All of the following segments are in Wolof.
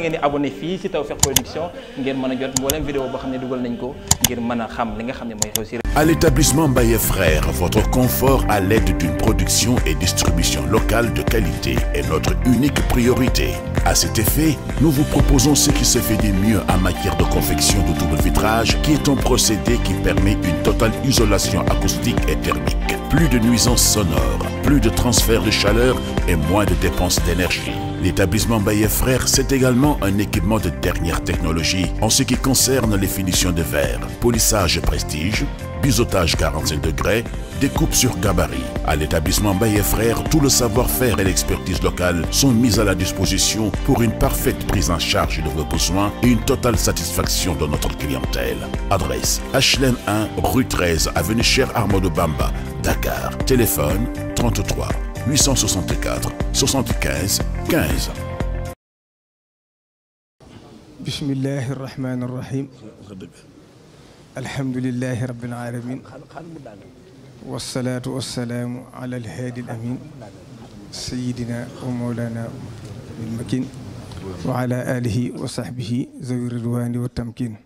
ngeen di abonné fii ci Tawfekh Production ngeen a boo xam ne dugal nañ ko ngir mën a xam li nga xam ne mooy xew ci À l'établissement Baye Frères, votre confort à l'aide d'une production et distribution locale de qualité est notre unique priorité. À cet effet, nous vous proposons ce qui se fait de mieux en matière de confection de double vitrage, qui est un procédé qui permet une totale isolation acoustique et thermique. Plus de nuisances sonores plus de transfert de chaleur et moins de dépenses d'énergie. L'établissement Baye Frères, c'est également un équipement de dernière technologie en ce qui concerne les finitions de verre, polissage prestige, biseautage 45 degrés, découpe sur gabarit. À l'établissement Baye Frères, tout le savoir-faire et l'expertise locale sont mis à la disposition pour une parfaite prise en charge de vos besoins et une totale satisfaction de notre clientèle. Adresse HLM 1, 33 864 75 15. bismillaahi rahmaani rahiim. alhamdulillaahi rabbil aalamiin. wasalaatu wasalaamu ala alhaadi alamiin. sayyidina wa mawlaanaa al-makiin. wa ala aalihi wa sahbihi zawi ridwaani wa tamkiin.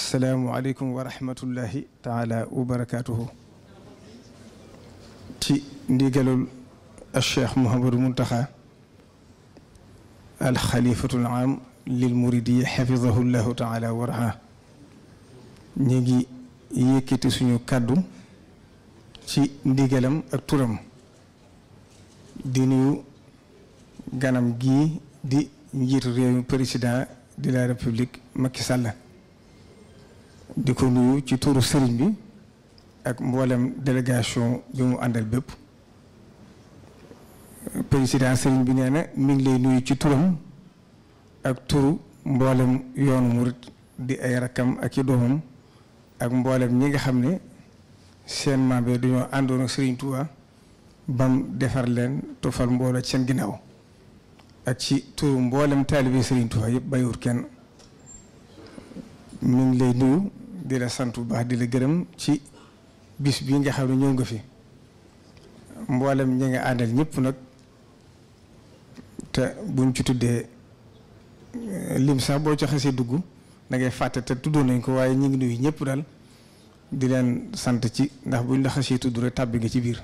asalaamu aleykum wa rahmatullaahi taala wa barakaatuhu. ci ndigalul Cheikh Mouhamadou Mountakha alxalifatul am lil muridi xafidahu llahu taala waraha ñu ngi yëkkati suñu kàddu ci ndigalam ak turam di nuyu ganam gii di njiitu réew mi président de la république Macky Sall di ko nuyu ci turu sëriñ bi ak mboolem délégation bi mu àndal bépp président sëriñ bi nee na mi ngi lay nuyu ci turam ak turu mboolem yoonu murit di ay rakkam ak i doomam ak mboolem ñi nga xam ne seen maam bi dañoo àndoon ak sëriñ Touba bam defar leen tofal mboole ci seen ginnaaw ak ci turu mboolem taalibe sëriñ Touba yëpp bàyyiwut kenn mi lay nuyu di sant bu baax di gërëm ci bis bii nga xam ne ñëw nga fi mboolem ñi nga àndal ñëpp nag te buñ ci tuddee eh, lim sax boo ci xesee dugg dangay ngay fàtte te tuddoon nañ ko waaye ñu ngi nuyu ñëpp daal di leen sant ci ndax buñ la xasee tudd rek tàbbi nga ci biir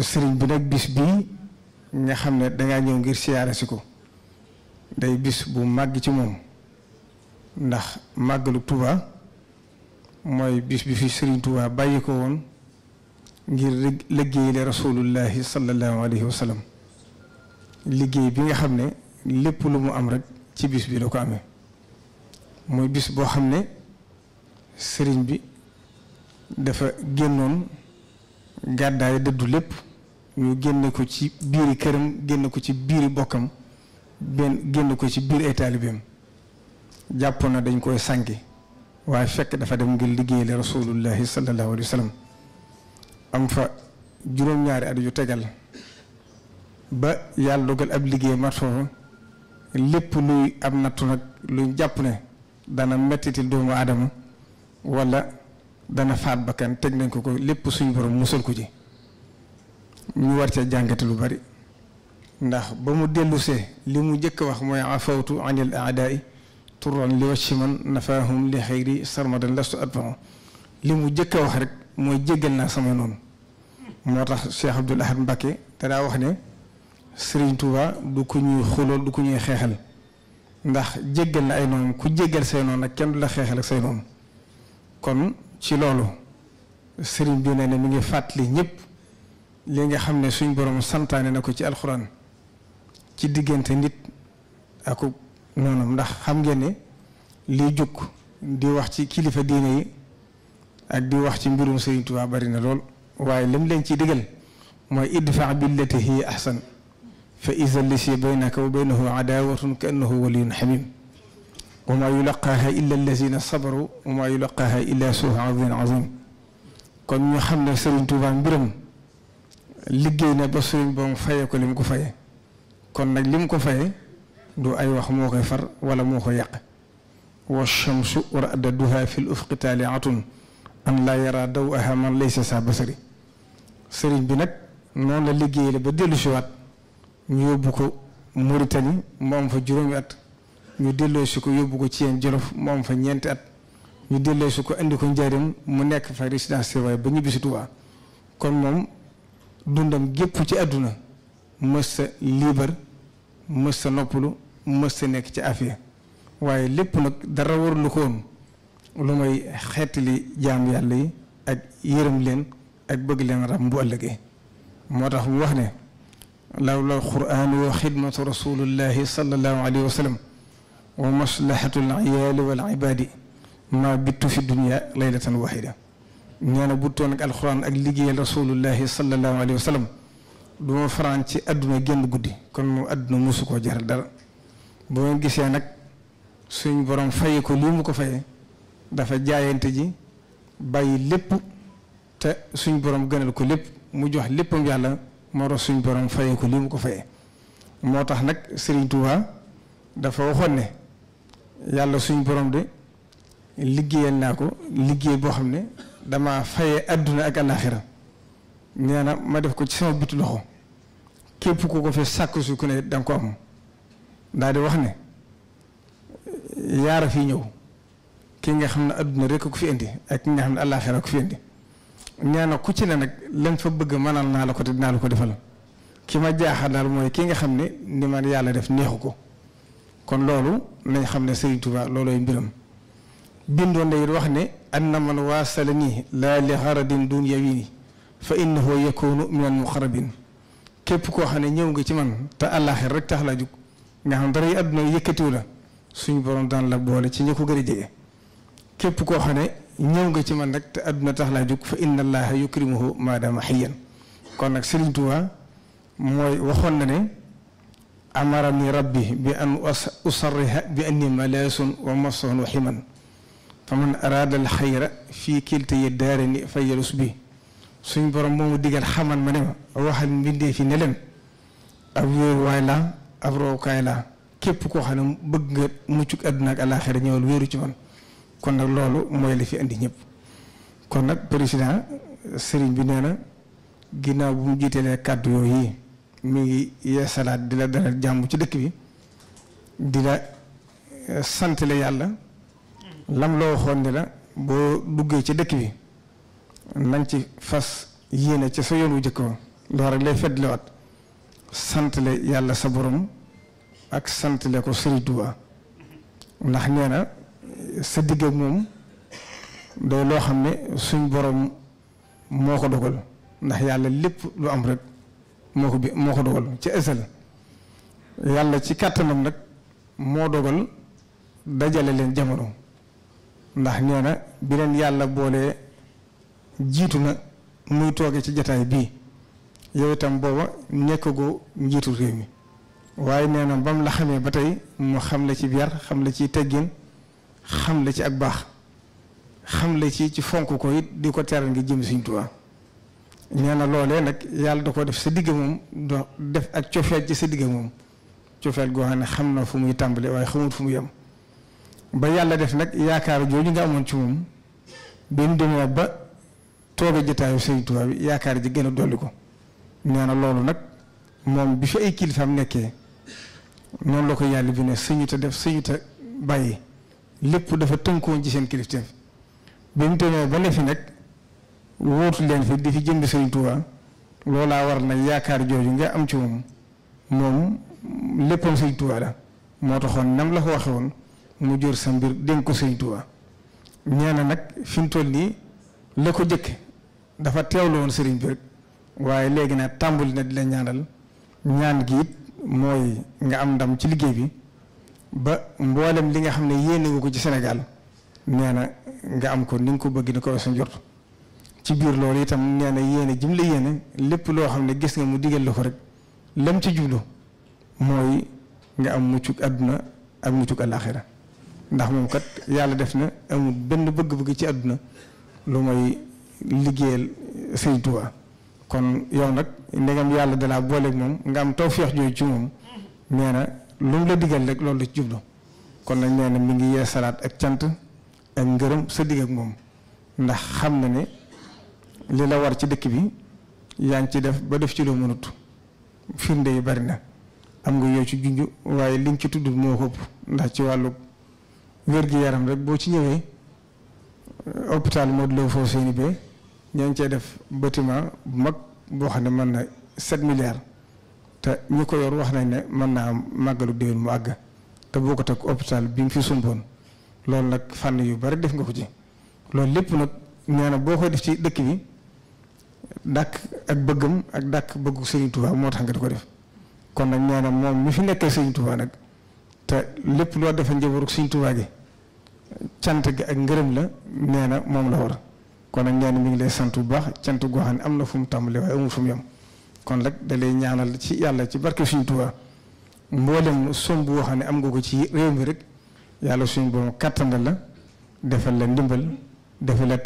sëriñ bi nag bis bii nga xam ne dangaa ñëw ngir siyaare si ko day bis bu màgg ci moom ndax màggalu Tuubaa mooy bis bi fi Sëriñ bàyyi ko woon ngir liggéeyale rasulullahi sallallahu alayhi wa sallam liggéey bi nga xam ne lépp lu mu am rek ci bis bi la ko amee mooy bis boo xam ne sëriñ bi dafa génnoon gàddaay dëddu lépp ñu génne ko ci biiri këram génn ko ci biiri bokkam benn génne ko ci biir ay taalibeem jàppoon na dañ koy sànki waaye fekk dafa dem ngir liggéeyal rasulullahi sallallahu alayhi wa sallam am fa juróom-ñaari at yu tegal ba yàlla dogal ab liggéey mat lépp luy ab nattu nag luy jàpp ne dana mettitil doomu aadama wala dana faat bakkan teg nañ ko ko lépp suñu borom musal ko ci ñu war cee jàngate lu bari ndax ba mu dellusee li mu njëkk wax mooy afawtu anil aadaai turan li wacci man nafaahum li xayri sarmadan lastu atbahu li mu jëkk a wax rek mooy jéggal naa sama noonu moo tax Cheikh Abdoul Ahad Mbacké te daa wax ne Serigne Touba du ku ñuy ko ñuy xeexal ndax jéggal na ay noonu ku jéggal say noonu ak kenn du la xeexal ak say noonu kon ci loolu Serigne bi ne ne mu ngi fàttali ñépp li nga xam ne suñ borom santaane na ko ci alxuraan ci diggante nit ak noonu ndax xam ngeen ne liy jukk di wax ci kilifa diine yi ak di wax ci mbirum Sëriñ Tuubaa bari na lool waaye lim leen ci digal mooy idfa billati hiya ahsan fa iza lisi baynaka wa baynahu adawatun ka annahu waliyun xamim wa maa illa allazina sabaru wa maa kon ñu xam ne Sëriñ Tuubaa mbiram liggéey na ba suñ boom faye ko lim ko faye kon nag lim ko faye du ay wax moo koy far wala moo koy yàq wa shamsu radaduha fi l ufqi taaliatun an laa yara daw aha man laysa sa basari sëriñ bi nag noonu la liggéey la ba dellu siwaat ñu yóbbu ko Mauritanie mu am fa juróomi at mu am si ko indi ko mu nekk ba ñibbi si Tuubaa moom dundam gépp ci àdduna mës sa liibar mës sa noppalu mës nekk ci afiya waaye lépp nag dara war lu koon lu may xeetali jaam yàlla yi ak yërëm leen ak bëgg leen ram bu ëllëgee moo tax mu wax ne lawla alquran wa xidmatu rasulillahi sallallahu alayhi wa sallam wa maslahatu aliyali wal ibadi ma bittu fi dunia laylatan waxida nee na ak alquran ak liggéeyal rasulullahi sallallahu alayhi wa sallam du faraan ci àdduna génn guddi kon moom àdduna mosu koo jaral dara boo ngeen gisee nag suñ borom faye ko lii mu ko faye dafa jaayante ji bàyyi lépp te suñ borom gënal ko lépp mu jox léppam yàlla moo tax suñ borom faye ko lii mu ko faye moo tax nag Serigne Touba dafa waxoon ne yàlla suñ borom de liggéeyal naa ko liggéey boo xam ne dama faye àdduna ak àllaaxira nee na ma def ko ci sama bitu loxo képp ku ko fi sàkk su ku ne danga ko am daal di wax ne yaara fii ñëw ki nga xam ne adduna rek ko fi indi ak ki nga xam ne fi indi nee na ku ci ne nag lañ fa bëgg mënal naa la ko te dinaa la ko defal ki ma jaaxal daal mooy kii nga xam ne ni man yàlla def neexu ko kon loolu nañ xam ne Serigne Touba loolooy mbiram bindoon day wax ne anna man waasala nii laa li xaradin dunyawi nii fa innahu yakunu min al muqarrabin képp koo xam ne ñëw nga ci man te àllaaxir rek tax laa jug nga xam dara yi àdduna yëkkatiw suñu borom daan la boole ci ñi ko gën a képp koo xam ne ñëw nga ci man nag te àdduna tax laa jóg fa inna allaha yukrimuhu kon nag Serigne waxoon na ne amarani rabbi bi an usarriha bi anni malaasun wa masoon wa ximan fa man araada al xayra fii kilta yi daarani fa yalus bi suñ borom moomu digal xaman ma ne ma waxal mbindee fi ne ab yooyu waay ab kaay laa képp koo xam ne bëgg nga muccug àdduna ak àllaaxira ñëwal wéeru ci man kon nag loolu mooy li fi indi ñëpp kon nag président sëriñ bi nee na ginnaaw bu mu jiitelee kàddu yooyu yi mi ngi yeesalaat di la dalal jàmm ci dëkk bi di la eh, sant yàlla lam loo waxoon ni la boo duggee ci dëkk bi nañ ci fas yéene ci sa yoon wu jëkk wa loolu rek lay fedd lewaat sant la yàlla sa borom ak sant le ko Sëriñ Tuubaa ndax nee na sa digg moom day loo xam ne suñ borom moo ko dogal ndax yàlla lépp lu am rek moo ko bi moo ko dogal ci ësal yàlla ci kàttanam nag moo dogal dajale leen jamono ndax nee na bi leen yàlla boole jiitu na muy tooge ci jataay bii yow itam booba nekk gu njiitu réew mi waaye nee na la xamee ba tey mu xam la ci yar xam la ci teggin xam la ci ak baax xam la ci ci fonk ko it di ko teral ngi jëm Sëriñ Tuubaa nee na loolee nag yàlla da ko def sa digg moom def ak cofeel ci moom cofeel goo ne xam na fu muy tàmbale waaye xamul fu yem ba yàlla def nag yaakaar jooju nga amoon ci moom bi mu ba tooge jotaayu Sëriñ Tuubaa bi yaakaar ji gën ko nee loolu nag moom bi fi ay kilifaam nekkee noonu la ko yàlla bi ne sëñu ta def sëñu ta bàyyi lépp dafa tënkoon ci seen kilifteef ba mu tënee ba ne fi nag wóotu leen fi di fi jënd Sëriñ Tuubaa laa war nag yaakaar jooju nga am ci moom moom léppam Sëriñ Tuubaa la moo taxoon nam la ko waxe woon mu jur sa mbir dénk ko Sëriñ Tuubaa ñee na nag fi mu toll nii la ko jëkk dafa teewlu woon sëriñ bi waaye léegi nag tàmbali na di la ñaanal ñaan gi it mooy nga am ndam ci liggéey bi ba mboolem li nga xam ne yéene nga ko ci Sénégal nee na nga am ko ni nga ko bëgg ni ko sa njort ci biir loolu itam nee na yéene jim la yéene lépp loo xam ne gis nga mu digal la ko rek lam ci jublu mooy nga am muccuk àdduna ak muccuk alaaxira ndax moom kat yàlla def na amul benn bëgg-bëgg ci àdduna lu mooy liggéeyal Sëñ kon yow nag ndegam yàlla dalaa booleek moom nga am tawféex jooju ci moom nee na lu mu la digal rek loolu la ci jublu kon nag nee na mi ngi salaat ak cant ak ngërëm sa digg ak moom ndax xam na ni li la war ci dëkk bi yaa ngi ci def ba def ci loo mënut firnde yi bari na am nga yooyu ci junj waaye liñ ci tudd moo ko ëpp ndax ci wàllu wér-gi-yaram rek boo ci ñëwee hôpital Modou Lo Fofana Seyni ñoo ngi cee def bâtiment bu mag boo xam ne mën na set milliards te ñu ko yor wax nañ ne mën naa am màggalu déwén mu àgg te boo ko teg hôpital bi mu fi sumboon loolu nag fànn yu bari def nga ko ci loolu lépp nag nee boo koy def ci dëkk bi dàkk ak bëggam ak dàkk bëggu Serigne Touba moo tax nga di ko def kon nag nee na moom mi fi nekkee Serigne Touba nag te lépp loo defee njëbaru Serigne Touba gi cant gi ak ngërëm la nee na moom la war kon nag nee na mi ngi lay sant bu baax cant goo xam ne am na fu mu tàmbalee mu yem kon nag da ñaanal ci yàlla ci barke suñu Tuubaa mboolem somb xam ne am nga ko ci réew mi rek yàlla suñu borom kàttan la defal la ndimbal defal la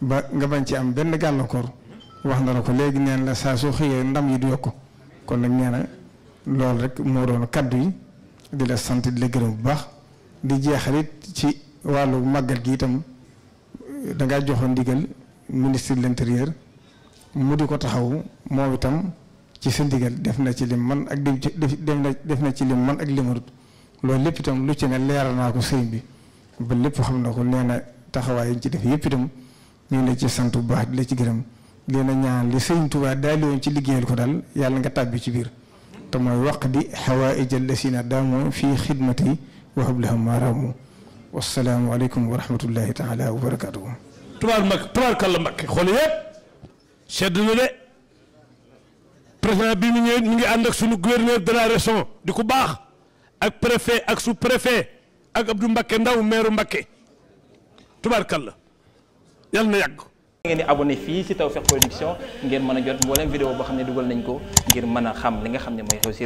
ba nga bañ ci am benn gàllankoor wax na la ko léegi neen la saa soo ndam yi du yokk kon nag nee na loolu rek moo doon kàddu yi di la sant di la bu baax di jeexalit ci wàllu màggal gi itam. dangaa joxoon ndigal ministre de l'intérieur mu di ko taxaw moom itam ci sa ndigal def na ci li man ak def na ci li man ak limarut loolu lépp itam lu ci ne leeral naa ko sëriñ bi ba lépp xam na ko nee taxawaay yi ci def yépp itam ñu ngi la ci sant bu baax di la ci gërëm di na ñaan li sëriñ Tuubaa daali woon ci liggéeyal ko daal yàlla nga tàbbi ci biir te mooy waq di xawaa ijal la si na daa fii xidmati waxab la xam maaraamu wasalaamualeykum wa rahmatullahi taala wa barakaatuhu. tubaar Mbacke tubaar Kalla Mbacke xool yëpp sedd na de président bi mu ñu ngi ànd ak sunu gouverneur de di ku baax ak préfet ak sous préfet ak Abdou Mbacke ndaw maire Mbacke tubaar Kalla yàlla na yàgg. ngeen di abonné fii ci Tawfekh Production ngeen mën a jot mboolem vidéo boo xam ne dugal nañ ko ngir mën a xam li nga xam ne mooy xew ci